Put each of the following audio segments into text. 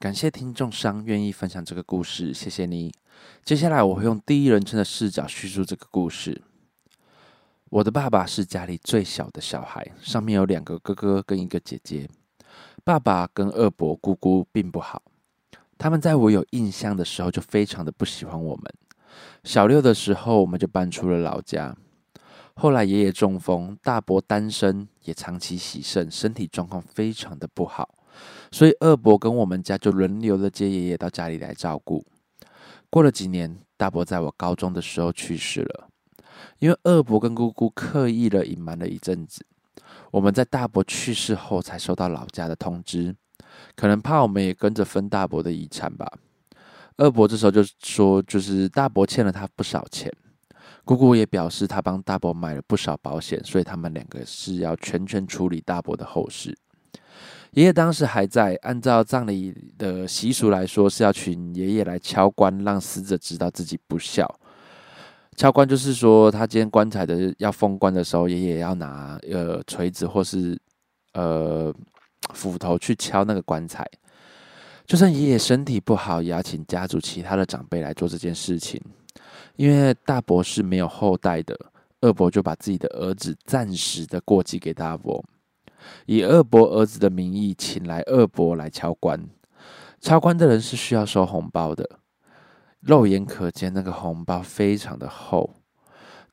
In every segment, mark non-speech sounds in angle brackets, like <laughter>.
感謝聽眾商願意分享這個故事，謝謝你。接下來我會用第一人稱的視角敘述這個故事。我的爸爸是家裡最小的小孩，上面有兩個哥哥跟一個姐姐。爸爸跟二伯、姑姑並不好，他們在我有印象的時候就非常的不喜歡我們。小六的時候，我們就搬出了老家。後來爺爺中風，大伯單身，也長期洗腎，身體狀況非常的不好。所以二伯跟我們家就輪流的接爺爺到家裡來照顧。過了幾年，大伯在我高中的時候去世了。因為二伯跟姑姑刻意的隱瞞了一陣子，我們在大伯去世後才收到老家的通知，可能怕我們也跟着分大伯的遺產吧。二伯這時候就說，就是大伯欠了他不少錢，姑姑也表示他幫大伯買了不少保險，所以他們兩個是要全權處理大伯的後事。爺爺當時還在，按照葬禮的習俗來說，是要請爺爺來敲棺，讓死者知道自己不孝。敲棺就是說，他今天棺材的要封棺的時候，爺爺要拿呃錘子或是呃斧頭去敲那個棺材。就算爺爺身體不好，也要請家族其他的長輩來做這件事情。因為大伯是沒有後代的，二伯就把自己的兒子暫時的過繼給大伯。以二伯兒子的名義請來二伯來敲棺。敲棺的人是需要收紅包的。肉眼可見，那個紅包非常的厚。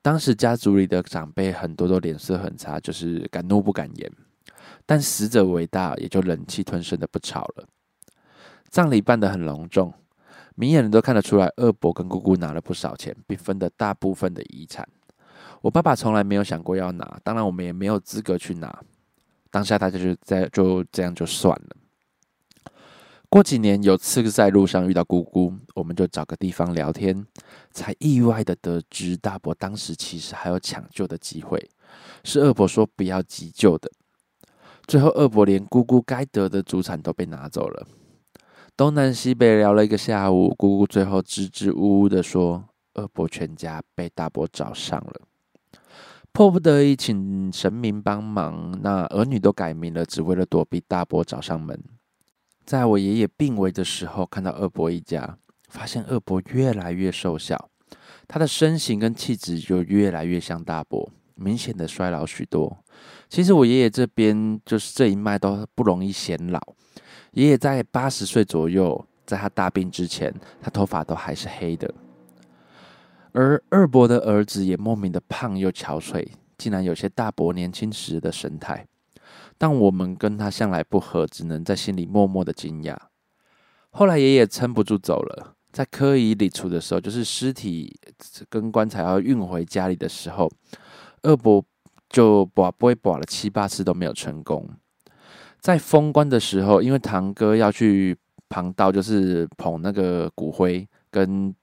當時家族裡的長輩很多都臉色很差，就是敢怒不敢言。但死者為大，也就忍氣吞聲的不吵了。葬禮辦得很隆重，明眼人都看得出來，二伯跟姑姑拿了不少錢，並分得大部分的遺產。我爸爸從來沒有想過要拿，當然我們也沒有資格去拿。當下大家就在就這樣就算了。過幾年，有次在路上遇到姑姑，我們就找個地方聊天，才意外的得知大伯當時其實還有搶救的機會，是二伯說不要急救的。最後二伯連姑姑該得的祖產都被拿走了。東南西北聊了一個下午，姑姑最後支支吾吾的說，二伯全家被大伯找上了。迫不得已，請神明幫忙。那兒女都改名了，只為了躲避大伯找上門。在我爺爺病危的時候，看到二伯一家，發現二伯越來越瘦小，他的身形跟氣質就越來越像大伯，明顯的衰老許多。其實我爺爺這邊就是這一脈都不容易顯老。爺爺在八十歲左右，在他大病之前，他頭髮都還是黑的。而二伯的兒子也莫名的胖又憔悴，竟然有些大伯年輕時的神態。但我們跟他向來不合，只能在心裡默默的驚訝。後來爺爺撐不住走了，在科儀裡出的時候，就是屍體跟棺材要運回家裡的時候，二伯就博杯博了七八次都沒有成功。在封棺的時候，因為堂哥要去捧斗，就是捧那個骨灰跟。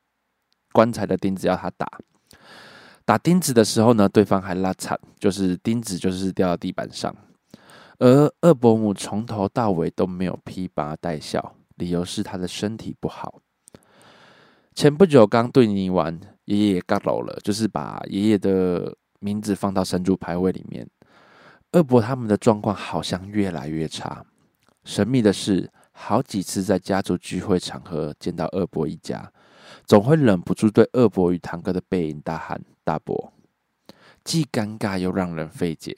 棺材的釘子要他打，打釘子的時候呢，對方還拉慘，就是釘子就是掉到地板上。而二伯母從頭到尾都沒有披麻戴孝，理由是她的身體不好。前不久剛對年完爺爺合爐了，就是把爺爺的名字放到神主牌位裡面。二伯他們的狀況好像越來越差。神秘的是，好幾次在家族聚會場合見到二伯一家，總會忍不住對二伯與堂哥的背影大喊：“大伯！”既尷尬又讓人費解。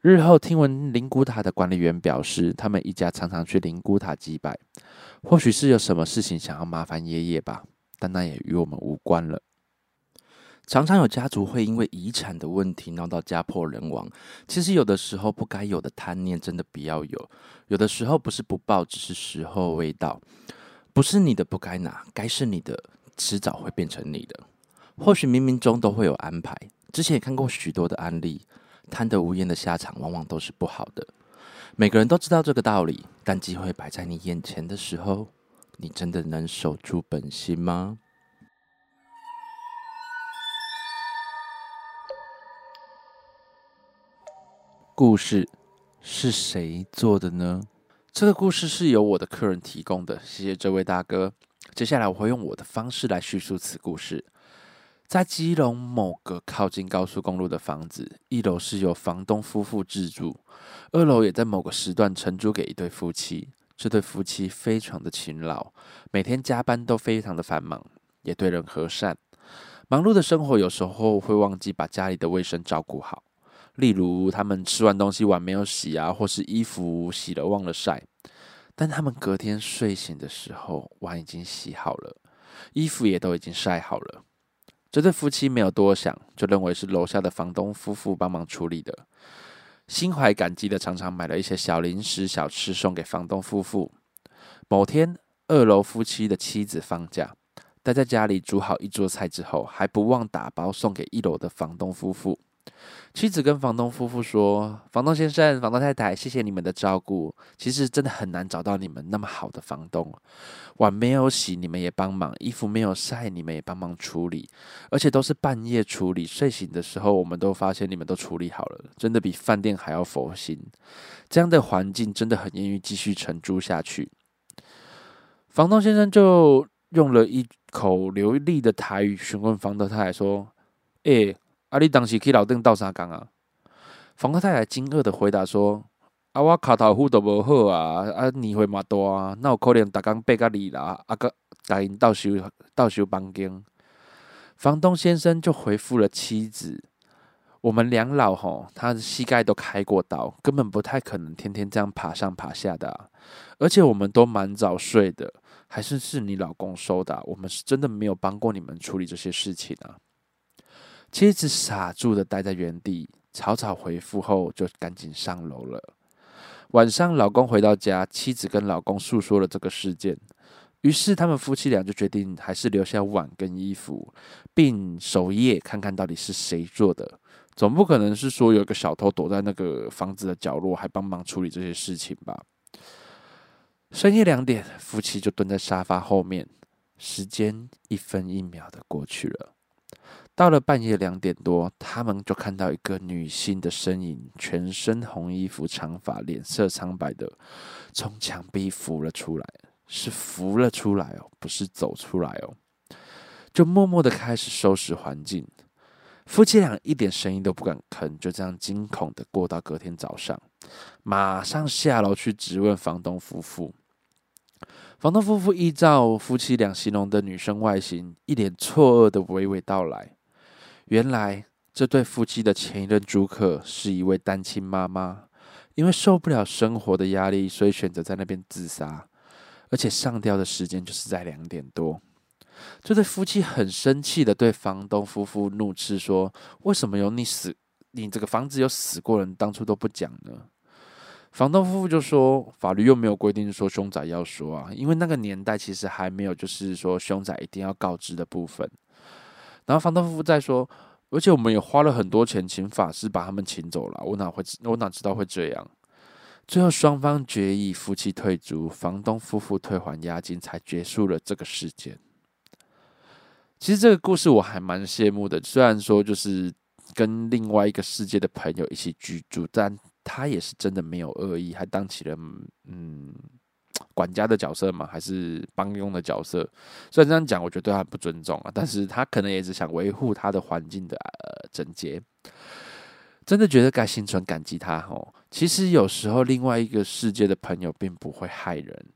日後聽聞靈骨塔的管理員表示，他們一家常常去靈骨塔祭拜，或許是有什麼事情想要麻煩爺爺吧。但那也與我們無關了。常常有家族會因為遺產的問題鬧到家破人亡。其實有的時候不該有的貪念真的不要有。有的時候不是不報，只是時候未到。不是你的不該拿，該是你的，遲早會變成你的。或許冥冥中都會有安排。之前也看過許多的案例，貪得無厭的下場往往都是不好的。每個人都知道這個道理，但機會擺在你眼前的時候，你真的能守住本心嗎？故事，是誰做的呢？這個故事是由我的客人提供的，謝謝這位大哥。接下來我會用我的方式來敘述此故事。在基隆某個靠近高速公路的房子，一樓是由房東夫婦自住，二樓也在某個時段承租給一對夫妻。這對夫妻非常的勤勞，每天加班都非常的繁忙，也對人和善。忙碌的生活有時候會忘記把家裡的衛生照顧好。例如，他們吃完東西碗沒有洗啊，或是衣服洗了忘了曬。但他們隔天睡醒的時候，碗已經洗好了，衣服也都已經曬好了。這對夫妻沒有多想，就認為是樓下的房東夫婦幫忙處理的，心懷感激的常常買了一些小零食小吃送給房東夫婦。某天，二樓夫妻的妻子放假，待在家裡煮好一桌菜之後，還不忘打包送給一樓的房東夫婦。妻子跟房東夫婦說：“房東先生、房東太太，謝謝你們的照顧。其實真的很難找到你們那麼好的房東。碗沒有洗，你們也幫忙；衣服沒有曬，你們也幫忙處理。而且都是半夜處理，睡醒的時候，我們都發現你們都處理好了。真的比飯店還要佛心。這樣的環境真的很願意繼續承租下去。”房東先生就用了一口流利的台語詢問房東太太說：“哎、欸。”啊！你當時去樓頂倒啥工啊？房東太太驚愕地回答說：“啊，我腳頭骨都無好啊！啊，年歲嘛大、啊，那我可能逐工背家裡啦。啊，個答應倒休倒休幫工。”房東先生就回復了妻子：“我們兩老吼，他的膝蓋都開過刀，根本不太可能天天這樣爬上爬下的、啊。而且我們都蠻早睡的，還是是你老公收的、啊。我們是真的沒有幫過你們處理這些事情啊。”妻子傻住的待在原地，草草回覆後就趕緊上樓了。晚上，老公回到家，妻子跟老公訴說了這個事件。於是，他們夫妻倆就決定還是留下碗跟衣服，並守夜看看到底是誰做的。總不可能是說有一個小偷躲在那個房子的角落，還幫忙處理這些事情吧？深夜兩點，夫妻就蹲在沙發後面，時間一分一秒的過去了。到了半夜兩點多，他們就看到一個女性的身影，全身紅衣服，長髮、臉色蒼白的從牆壁浮了出來，是浮了出來哦，不是走出來哦。就默默的開始收拾環境，夫妻倆一點聲音都不敢吭，就這樣驚恐的過到隔天早上，馬上下樓去質問房東夫婦。房東夫婦依照夫妻倆形容的女生外形，一臉錯愕的娓娓道來。原來這對夫妻的前一任租客是一位單親媽媽，因為受不了生活的壓力，所以選擇在那邊自殺，而且上吊的時間就是在兩點多。這對夫妻很生氣的對房東夫婦怒斥說：“為什麼有你死，你這個房子有死過人，當初都不講呢？”房東夫婦就說：“法律又沒有規定說凶宅要說啊，因為那個年代其實還沒有，就是說凶宅一定要告知的部分。”然後房東夫婦再說，而且我們也花了很多錢請法師把他們請走了。我哪會，我哪知道會這樣？最後雙方決議夫妻退租，房東夫婦退還押金，才結束了這個事件。其實這個故事我還蠻羨慕的，雖然說就是跟另外一個世界的朋友一起居住，但他也是真的沒有惡意，還當起了嗯。管家的角色嗎？還是幫傭的角色？雖然這樣講，我覺得對他不尊重啊，但是他可能也只想維護他的環境的呃整潔。真的覺得該心存感激他哦。其實有時候另外一個世界的朋友並不會害人，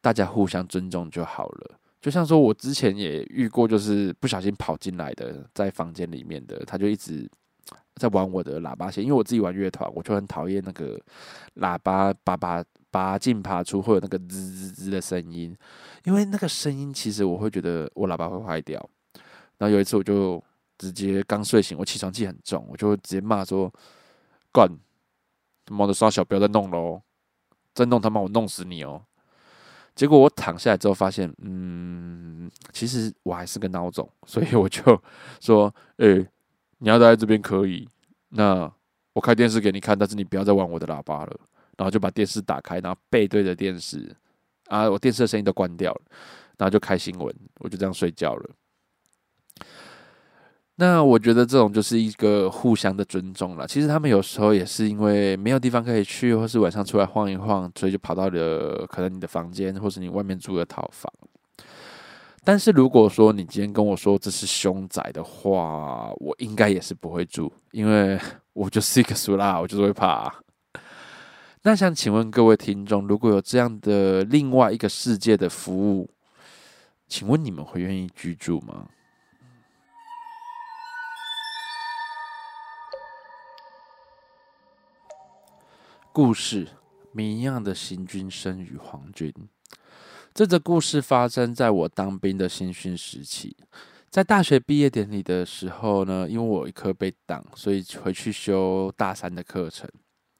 大家互相尊重就好了。就像說我之前也遇過，就是不小心跑進來的，在房間裡面的，他就一直。在玩我的喇叭線，因為我自己玩樂團，我就很討厭那個喇叭叭叭叭進爬出，會有那個滋滋滋的聲音。因為那個聲音，其實我會覺得我喇叭會壞掉。然後有一次，我就直接剛睡醒，我起床氣很重，我就直接罵說：“滾，他媽的耍小，不要再弄嘍，再弄他媽我弄死你哦！”結果我躺下來之後發現，嗯，其實我還是個孬種，所以我就說，呃、欸。你要待在這邊可以，那我開電視給你看，但是你不要再玩我的喇叭了。然後就把電視打開，然後背對着電視，啊，我電視的聲音都關掉了，然後就開新聞，我就這樣睡覺了。那我覺得這種就是一個互相的尊重啦。其實他們有時候也是因為沒有地方可以去，或是晚上出來晃一晃，所以就跑到了可能你的房間，或是你外面租的套房。但是如果說你今天跟我說這是凶宅的話，我應該也是不會住，因為我就是一個俗辣，我就是會怕。 <laughs> 那想請問各位聽眾，如果有這樣的另外一個世界的服務，請問你們會願意居住嗎？嗯、故事：謎一樣的行軍聲與皇軍。這個故事發生在我當兵的新訓時期，在大學畢業典禮的時候呢，因為我有一科被當，所以回去修大三的課程，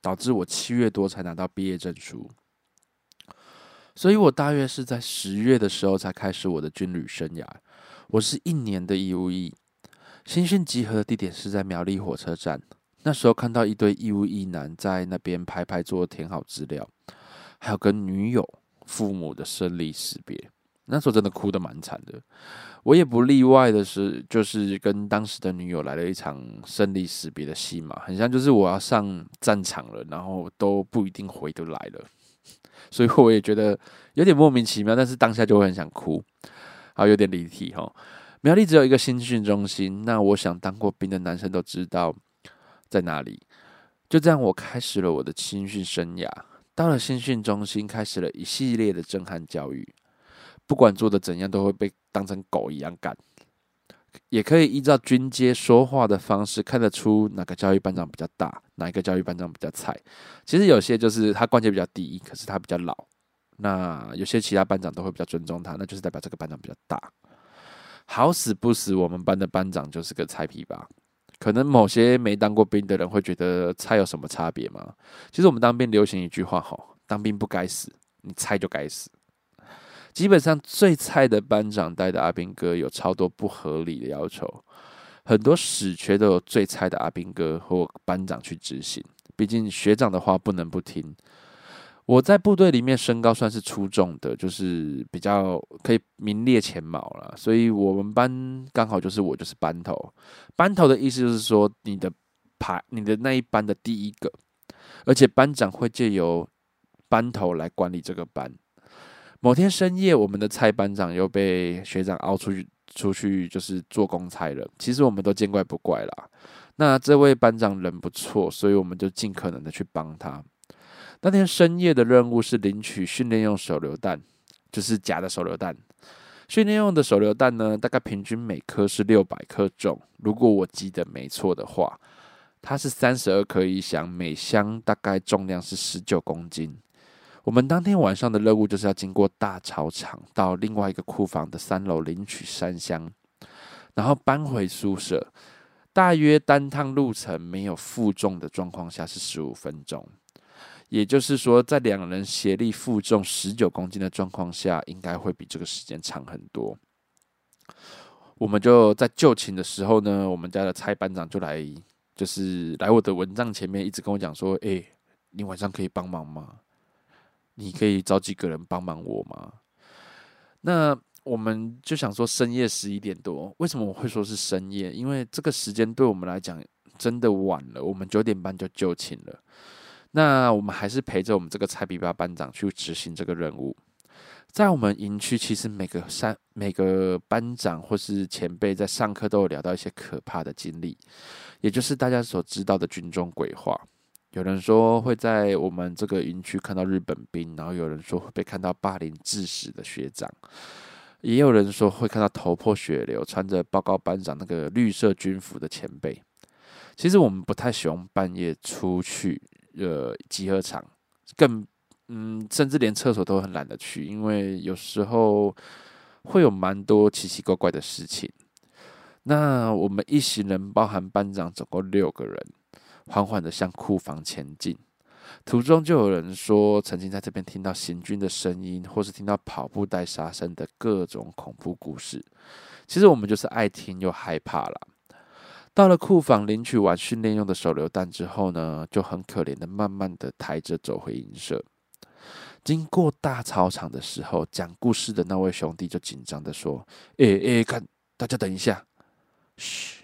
導致我七月多才拿到畢業證書，所以我大約是在十月的時候才開始我的軍旅生涯。我是一年的義務役，新訓集合的地點是在苗栗火車站。那時候看到一堆義務役男在那邊排排坐，填好資料，還有跟女友父母的生離死別，那時候真的哭得蠻慘的。我也不例外的是，就是跟當時的女友來了一場生離死別的戲嘛，很像就是我要上戰場了，然後都不一定回得來了。所以我也覺得有點莫名其妙，但是當下就會很想哭。好，有點離題齁。苗栗只有一個新訓中心，那我想當過兵的男生都知道在哪裡。就這樣，我開始了我的新訓生涯。到了新訓中心，開始了一系列的震撼教育。不管做得怎樣，都會被當成狗一樣幹。也可以依照軍階說話的方式，看得出哪個教育班長比較大，哪一個教育班長比較菜。其實有些就是他官階比較低，可是他比較老。那有些其他班長都會比較尊重他，那就是代表這個班長比較大。好死不死，我們班的班長就是個菜皮吧。可能某些沒當過兵的人會覺得，菜有什麼差別嗎？其實我們當兵流行一句話吼，當兵不該死，你菜就該死。基本上最菜的班長帶的阿兵哥有超多不合理的要求，很多屎缺都有最菜的阿兵哥或班長去執行，畢竟學長的話不能不聽。我在部隊裡面身高算是出眾的，就是比較可以名列前茅了，所以我們班剛好就是我就是班頭。班頭的意思就是說你的排、你的那一班的第一個，而且班長會借由班頭來管理這個班。某天深夜，我們的蔡班長又被學長凹出去出去，出去就是做公差了。其實我們都見怪不怪啦。那這位班長人不錯，所以我們就盡可能的去幫他。那天深夜的任務是領取訓練用手榴彈，就是假的手榴彈。訓練用的手榴彈呢，大概平均每顆是六百克重。如果我記得沒錯的話，它是三十二顆一箱，每箱大概重量是十九公斤。我們當天晚上的任務就是要經過大操場，到另外一個庫房的三樓領取三箱，然後搬回宿舍。大約單趟路程沒有負重的狀況下是十五分鐘。也就是說，在兩人協力負重十九公斤的狀況下，應該會比這個時間長很多。我們就在就寢的時候呢，我們家的蔡班長就來，就是來我的蚊帳前面，一直跟我講說：“哎、欸，你晚上可以幫忙嗎？你可以找幾個人幫忙我嗎？”那我們就想說，深夜十一點多，為什麼我會說是深夜？因為這個時間對我們來講真的晚了，我們九點半就就寢了。那我們還是陪着我們這個菜逼八班長去執行這個任務，在我們營區，其實每個三每個班長或是前輩在上課都有聊到一些可怕的經歷，也就是大家所知道的軍中鬼話。有人說會在我們這個營區看到日本兵，然後有人說會被看到霸凌致死的學長，也有人說會看到頭破血流、穿着報告班長那個綠色軍服的前輩。其實我們不太喜歡半夜出去。呃，集合場更，嗯，甚至連廁所都很懶得去，因為有時候會有蠻多奇奇怪怪的事情。那我們一行人，包含班長，總共六個人，緩緩的向庫房前進。途中就有人說，曾經在這邊聽到行軍的聲音，或是聽到跑步帶殺聲的各種恐怖故事。其實我們就是愛聽又害怕啦。到了庫房領取完訓練用的手榴彈之後呢，就很可憐的慢慢的抬着走回營舍。經過大操場的時候，講故事的那位兄弟就緊張的說：“哎、欸、哎，幹、欸、大家等一下，噓，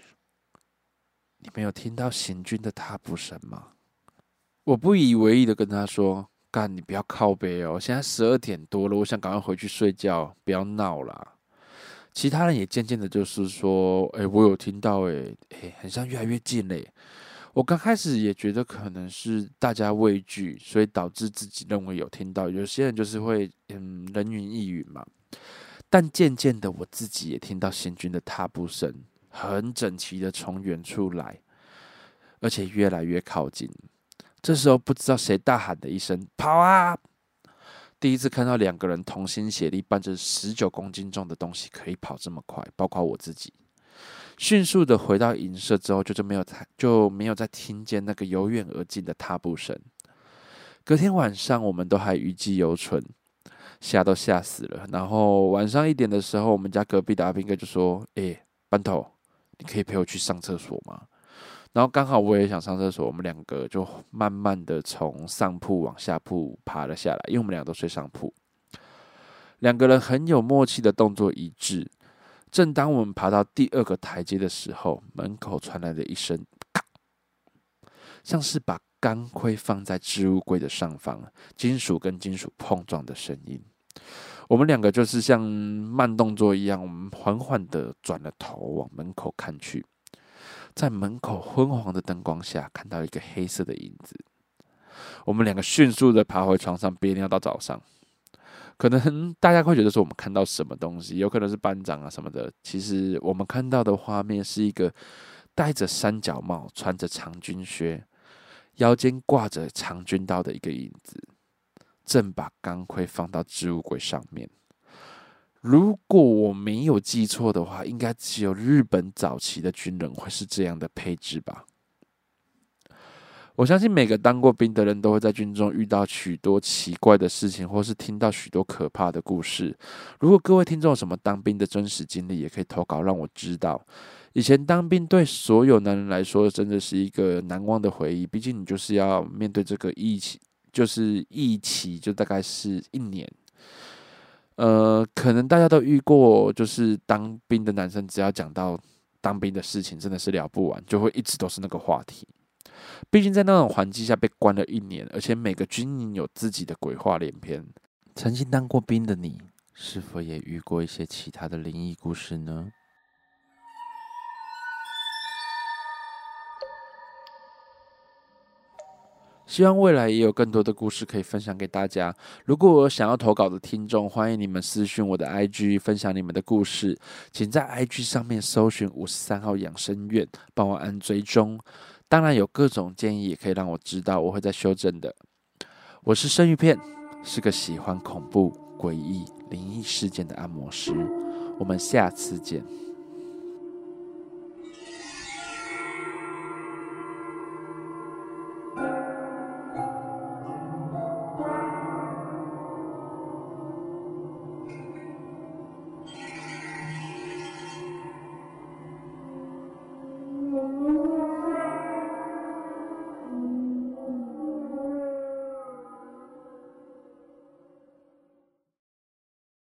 你沒有聽到行軍的踏步聲嗎？”我不以為意的跟他說：“幹，你不要靠背哦，現在十二點多了，我想趕快回去睡覺，不要鬧了。”其他人也漸漸的，就是說，誒、欸，我有聽到、欸，誒，誒，很像越來越近了、欸。我剛開始也覺得可能是大家畏懼，所以導致自己認為有聽到。有些人就是會嗯人云亦云嘛。但漸漸的，我自己也聽到行軍的踏步聲，很整齊的從遠處來，而且越來越靠近。這時候不知道誰大喊的一聲：“跑啊！”第一次看到兩個人同心協力搬着十九公斤重的東西可以跑這麼快，包括我自己。迅速的回到營舍之後，就就沒有再就沒有再聽見那個由遠而近的踏步聲。隔天晚上，我們都還餘悸猶存，嚇都嚇死了。然後晚上一點的時候，我們家隔壁的阿兵哥就說：“哎、欸，班頭，你可以陪我去上廁所嗎？”然後剛好我也想上廁所，我們兩個就慢慢的從上鋪往下鋪爬了下來，因為我們兩個都睡上鋪，兩個人很有默契的動作一致。正當我們爬到第二個台階的時候，門口傳來的一聲“咔”，像是把鋼盔放在置物櫃的上方，金屬跟金屬碰撞的聲音。我們兩個就是像慢動作一樣，我們緩緩的轉了頭往門口看去。在門口昏黃的燈光下，看到一個黑色的影子。我們兩個迅速的爬回床上，憋尿到早上。可能大家會覺得說我們看到什麼東西，有可能是班長啊什麼的。其實我們看到的畫面是一個戴着三角帽、穿着長軍靴、腰間掛着長軍刀的一個影子，正把鋼盔放到置物櫃上面。如果我沒有記錯的話，應該只有日本早期的軍人會是這樣的配置吧？我相信每個當過兵的人都會在軍中遇到許多奇怪的事情，或是聽到許多可怕的故事。如果各位聽眾有什麼當兵的真實經歷，也可以投稿讓我知道。以前當兵對所有男人來說真的是一個難忘的回憶，畢竟你就是要面對這個役期，就是役期就大概是一年。呃，可能大家都遇過，就是當兵的男生，只要講到當兵的事情，真的是聊不完，就會一直都是那個話題。畢竟在那種環境下被關了一年，而且每個軍營有自己的鬼話連篇。曾經當過兵的你，是否也遇過一些其他的靈異故事呢？希望未來也有更多的故事可以分享給大家。如果我有想要投稿的聽眾，歡迎你們私訊我的 IG 分享你們的故事，請在 IG 上面搜尋五十三號養生怨，幫我按追蹤。當然，有各種建議也可以讓我知道，我會再修正的。我是生魚片，是個喜歡恐怖、詭異、靈異事件的按摩師。我們下次見。